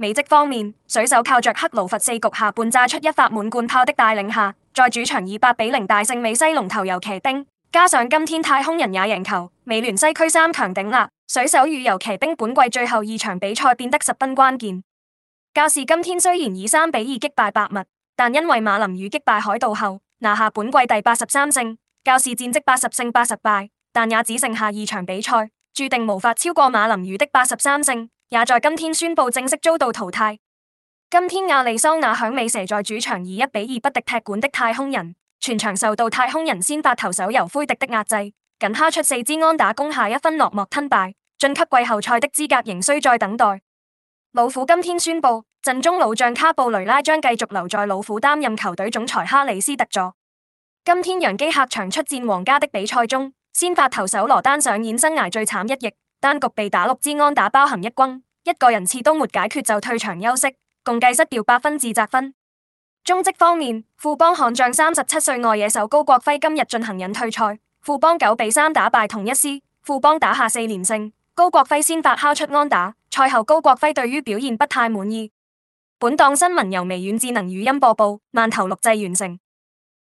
美職方面，水手靠着克魯佛四局下半炸出一發滿貫炮的帶領下，在主場以八比零大勝美西龍頭遊騎兵，加上今天太空人也贏球，美聯西區三強鼎立。水手與遊騎兵本季最後二場比賽變得十分關鍵。教士今天雖然以三比二擊敗白襪，但因為馬林魚擊敗海盜後拿下本季第八十三勝，教士戰績八十勝八十敗，但也只剩下二場比賽，注定無法超過馬林魚的八十三勝。也在今天宣布正式遭到淘汰。今天亞利桑那響尾蛇在主場以一比二不敵踢館的太空人，全場受到太空人先發投手尤灰迪的壓制，僅敲出四支安打，攻下一分，落寞吞敗，晉級季後賽的資格仍需再等待。老虎今天宣布，陣中老將卡布雷拉將繼續留在老虎擔任球隊總裁哈里斯特助。今天洋基客場出戰皇家的比賽中，先發投手羅丹上演生涯最慘一役。單局被打六支安打，包含一軍，一個人次都沒解決就退場休息，共計失掉八分自責分。中職方面，富邦悍將三十七歲外野手高國輝今日進行引退賽，富邦九比三打敗統一獅，富邦打下四連勝。高國輝先發敲出安打，賽後高國輝對於表現不太滿意。本檔新聞由微軟智能語音播報，慢投錄製完成。